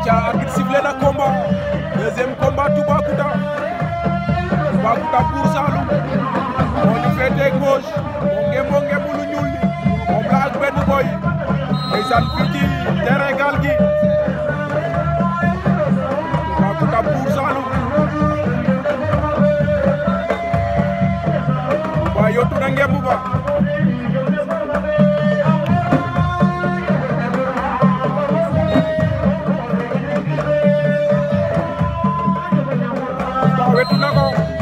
aca arbitre sifflé na combat deuxième combat Toubacouta Toubacouta Buur Saalum moo ñu féete gauche moo ngemo ngemu lu ñuul li benn boy ndeysaan fii ci terrain Gaal gi Toubacouta Buur Saalum waa yottu na ngemu ba Where to go?